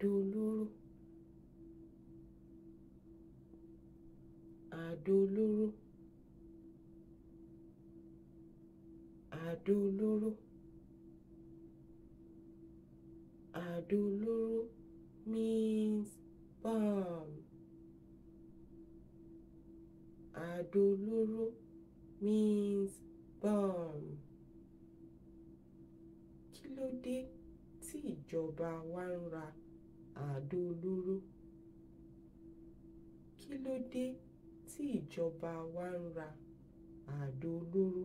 àdó olóró àdó olóró àdó olóró àdó olóró means bomb àdó olóró means bomb kí ló dé tí ìjọba wa ń ra àdó olóró kí ló dé tí ìjọba wa ń ra àdó olóró